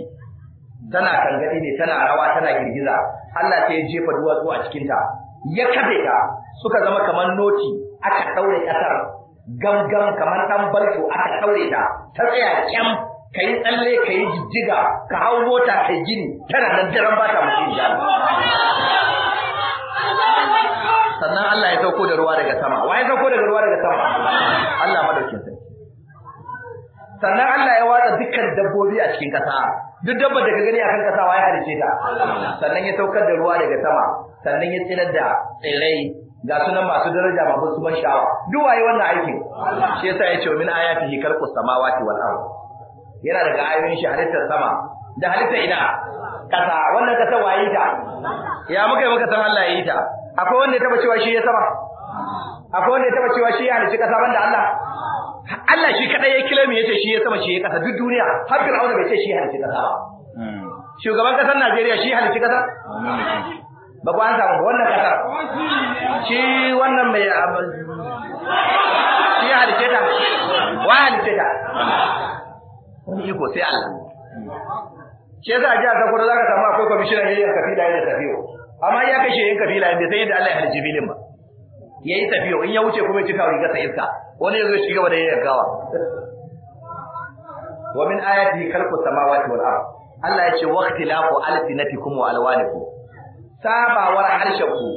tana tangari ne tana rawa tana girgiza Allah sai ya jefa duwatsu a cikin ta ya kabe ta suka zama kamar noti aka daure kasar gangan kamar dan balto aka daure ta ta tsaya kyam kai tsalle kai jijjiga ka hau mota kai gini tana nan daren ba ta mutum sannan Allah ya sauko da ruwa daga sama wa ya sauko daga ruwa daga sama Allah madaukin sannan Allah ya watsa dukkan dabbobi a cikin kasa duk dabbar da ka gani akan kasa ya halice ta sannan ya saukar da ruwa daga sama sannan ya tsinar da tsirrai ga sunan masu daraja masu suman sha'awa duk waye wannan aikin shi yasa ya ce min ayatihi khalqus samawati wal ard yana daga ayoyin shi halittar sama da halittar ina kasa wannan kasa waye ta ya muka muka san Allah ya yi ta akwai wanda ya taba cewa shi ya sama akwai wanda ya taba cewa shi ya halicci kasa banda Allah Allah shi kadai ya kilami yace shi ya sama shi ya kasa duk duniya har Fir'auna bai ce shi halitta kasa ba hmm. shugaban kasar Najeriya shi halitta kasa ba ku an samu ba wannan kasar shi wannan mai shi halitta ta wa halitta ta wani iko sai Allah shi yasa a jihar za ka samu akwai kwamishinan yayin kafila yayin tafiyo amma ya kashe yin kafila yayin bai san yadda Allah ya halicci filin ba yayi tafiyo in ya wuce kuma ya cika gasa iska wani yazo shi gaba da ya gawa wa min ayatihi khalqu samawati wal ard Allah ya ce waqtilafu alsinatikum wa alwanikum sabawar harshenku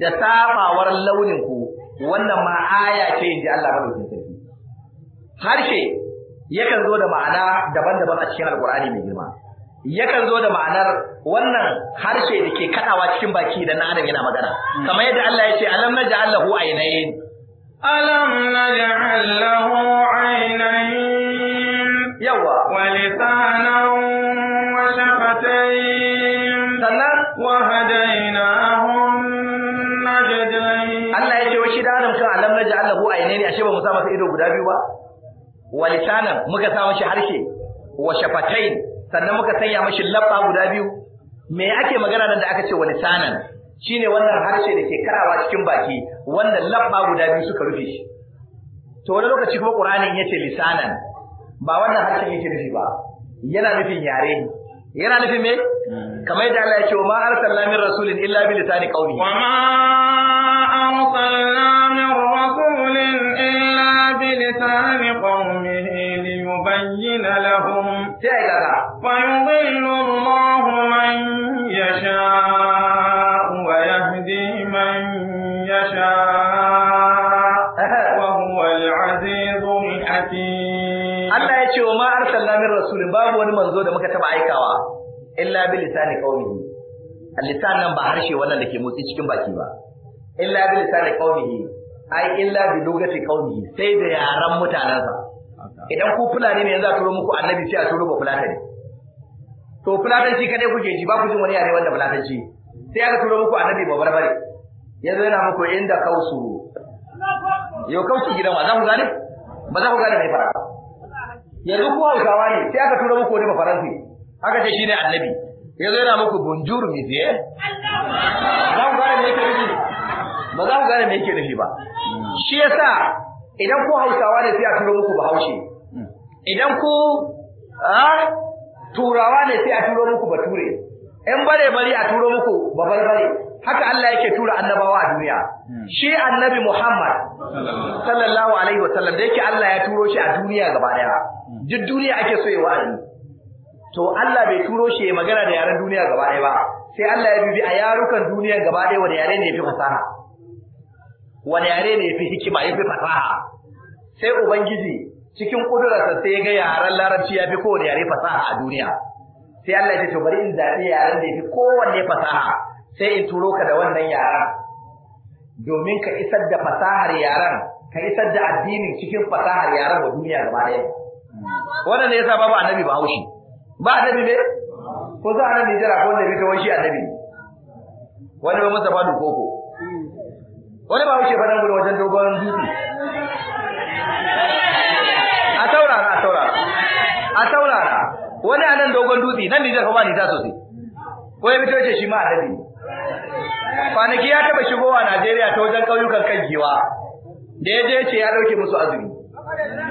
da sabawar launinku wannan ma aya ce inji Allah madaukakin sarki harshe yakan zo da ma'ana daban-daban a cikin alqur'ani mai girma yakan zo da ma'anar wannan harshe da ke kaɗawa cikin baki da na adam yana magana kamar yadda Allah ya ce alam naj'al lahu aynayn alam naj'al lahu aynayn yawa wa lisanan wa shafatayn sannan wa hadaynahum najdayn Allah ya ce wa shi da adam kan alam naj'al lahu aynayn ashe ba mu sa masa ido guda biyu ba wa lisanan muka sa mashi harshe wa shafatain sannan muka sanya mashi labba guda biyu me ake magana nan da aka ce wani shi shine wannan harshe da ke karawa cikin baki wanda labba guda biyu suka rufe shi to wani lokaci kuma qur'ani ce lisanan ba wannan harshen yake rufe ba yana nufin yare yana nufin me kamar yadda Allah ya ce ma arsalna min rasulin illa bi lisani qawmi wa ma arsalna min بلسان قومه ليبين لهم ويضل الله من يشاء ويهدي من يشاء وهو العزيز الحكيم الله يشهد ما أرسلنا من رسول باب ونمنزود مكتب عيكاوا إلا بلسان قومه اللسان نبا harshe wannan da ke motsi cikin baki ba illa bil lisani qaumihi ai illa bi lugati qaumi sai da yaran mutanansa idan ku fulani ne yanzu a turo muku annabi sai a turo ba fulani to fulatanci kadai kuke ji ba ku jin wani yare wanda fulatanci sai aka turo muku annabi ba barbare yanzu yana muku inda kausu yo kausu gidan wa za ku gane ba za ku gane mai fara yanzu ku hausawa ne sai aka turo muku wani ba faransi aka ce shine annabi yanzu yana muku bonjour monsieur za ku gane me yake nufi ba za ku gane me yake nufi ba shi yasa idan ku Hausawa ne sai a turo muku Bahaushe idan ku Turawa ne sai a turo muku Bature in bare bari a turo muku bare haka Allah yake tura annabawa a duniya hmm. shi annabi Muhammad sallallahu alaihi wasallam da yake Allah ya turo shi a duniya gaba daya hmm. duk duniya ake so ya wa'azi to Allah bai turo shi ya magana da yaren duniya gaba daya ba sai Allah ya bibi a yarukan duniya gaba daya wanda yaren ne ya fi fasaha wani yare ne fi hikima fi fasaha sai ubangiji cikin kudurarsa sai ga yaren larabci fi kowane yare fasaha a duniya sai Allah ya ce bari in zaɓi yaren da ya fi kowanne fasaha sai in turo ka da wannan yaren domin ka isar da fasahar yaren ka isar da addinin cikin fasahar yaren wa duniya gaba ɗaya wannan ne yasa babu annabi ba haushi ba annabi ne ko za a nan Nijar akwai wanda bai ta wani shi annabi wani ba masa fadu koko wani ba wuce faɗa gudu wajen dogon dutse a taurara a taurara a taurara wani a nan dogon dutse nan nijar kuma nisa sosai ko ya fito ce shi ma annabi kwanaki ya taɓa shigowa Najeriya ta wajen ƙauyukan kan giwa da ya je ce ya ɗauke musu azumi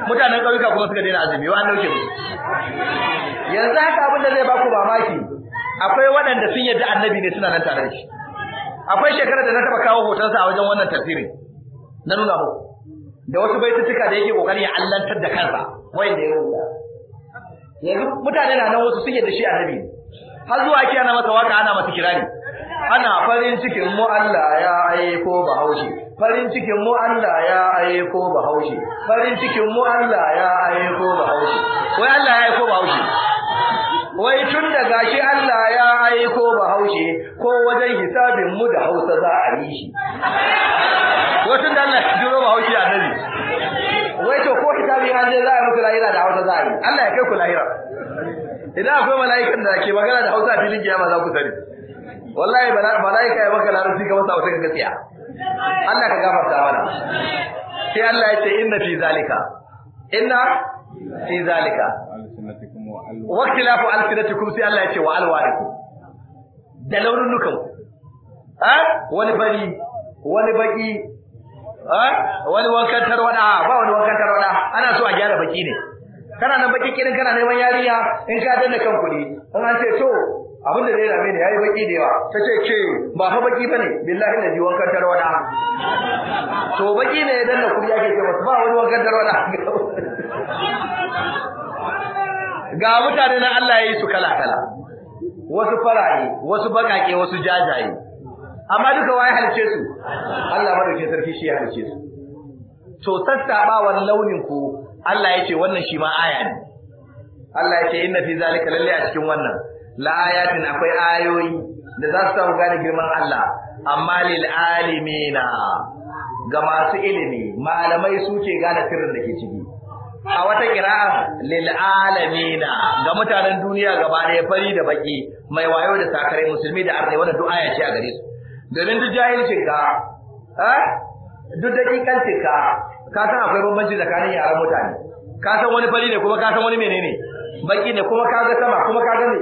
mutanen ƙauyuka kuma suka daina azumi wa an ɗauke musu yanzu haka abin da zai baku mamaki akwai waɗanda sun yadda annabi ne suna nan tare da shi akwai shekarar da na taba kawo hotonsa a wajen wannan tafsirin na nuna muku da wasu baitutuka da yake kokarin ya allantar da kansa da ya rubuta yanzu mutane na nan wasu suke da shi a rabi har zuwa ake ana masa waka ana masa kirani ana farin cikin mu Allah ya aiko bahaushe farin cikin mu Allah ya aiko bahaushe farin cikin mu Allah ya aiko bahaushe wai Allah ya aiko bahaushe wai tun da gashi Allah ya aiko bahaushe ko wajen hisabin mu da Hausa za a yi shi ko tun da Allah duro bahaushe a nabi wai to ko hisabi an je za a yi muku lahira da Hausa za a yi Allah ya kai ku lahira idan akwai mala'ikan da ke magana da Hausa filin kiyama za ku sani wallahi mala'ika ya maka larabci ka masa Hausa ka gaskiya Allah ka gafarta mana sai Allah ya ce inna fi zalika inna fi zalika lafu ikhtilafu alsinatikum sai Allah ya ce wa alwarikum da launin nukan ha wani bari wani baki ha wani wankan tarwada ba wani wankan tarwada ana so a gyara baki ne kana nan baki kidan kana neman yariya in ka danna kan kuɗi in an ce to abin da zai rame ne yayi baki da yawa ta ce ce ba fa baki bane billahi na ji wankan tarwada to baki ne ya danna kuɗi ake ce ba wani wankan tarwada ga mutane na Allah ya yi su kala kala wasu farare wasu bakake wasu jajaye amma duka waye halice su Allah madauke sarki shi ya halice su to sassabawan launin ku Allah ya ce wannan shi ma aya ne Allah ce inna fi zalika lalle a cikin wannan la ayatin akwai ayoyi da za su samu gane girman Allah amma lil alimina ga masu ilimi malamai su ke gane sirrin da ke ciki a wata kira'a lil alamina ga mutanen duniya gaba ɗaya fari da baki mai wayo da sakarai musulmi da arzai wannan du'a ya ce a gare su domin duk jahilcin ka eh duk dakikancin ka ka san akwai bambanci tsakanin yaran mutane ka san wani fari ne kuma ka san wani menene baki ne kuma ka ga sama kuma ka ga ne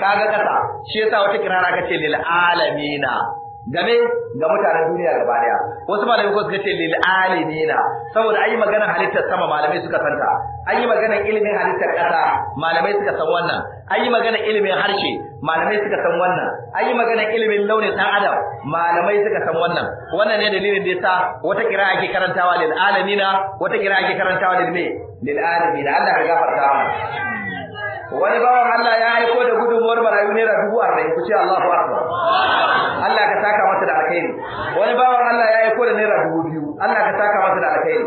ka ga ƙasa shi yasa wata kirara ka ce lil alamina game ga mutanen duniya gaba daya wasu malami ko suka ce lil alimina saboda ayi magana halittar sama malamai suka santa ayi magana ilimin halittar kasa malamai suka san wannan ayi magana ilimin harshe malamai suka san wannan ayi magana ilimin launin dan adam malamai suka san wannan wannan ne dalilin da yasa wata kira ake karantawa lil alimina wata kira ake karantawa lil me lil alimina Allah ya gafarta mu wani bawan Allah ya aiko da gudunmuwar marayu naira dubu arba'in ku ce Allahu akbar Allah ka saka masa da alkhairi wani bawan Allah ya aiko da naira dubu biyu Allah ka saka masa da alkhairi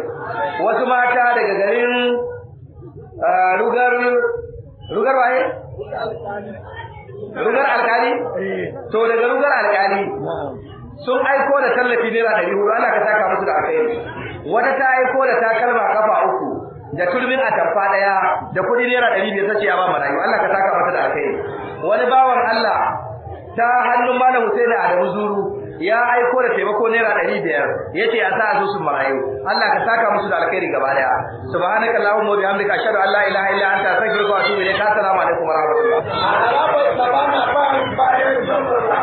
wasu mata daga garin ah, rugar rugar waye rugar alkali to daga rugar alkali sun aiko da tallafi naira ɗari hudu Allah ka saka masa da alkhairi wata ta aiko da takalma kafa uku da turbin a tarfa daya da kudi naira ɗari biyar sace ya ba marayu Allah ka saka mata da akai wani bawan Allah ta hannun malam Hussein Adamu Zuru ya aiko da taimako naira ɗari biyar yace a sa su marayu Allah ka saka musu da alkhairi gaba daya subhanaka allahumma wa bihamdika ashhadu an la ilaha illa anta astaghfiruka wa atubu ilayk assalamu alaikum wa rahmatullah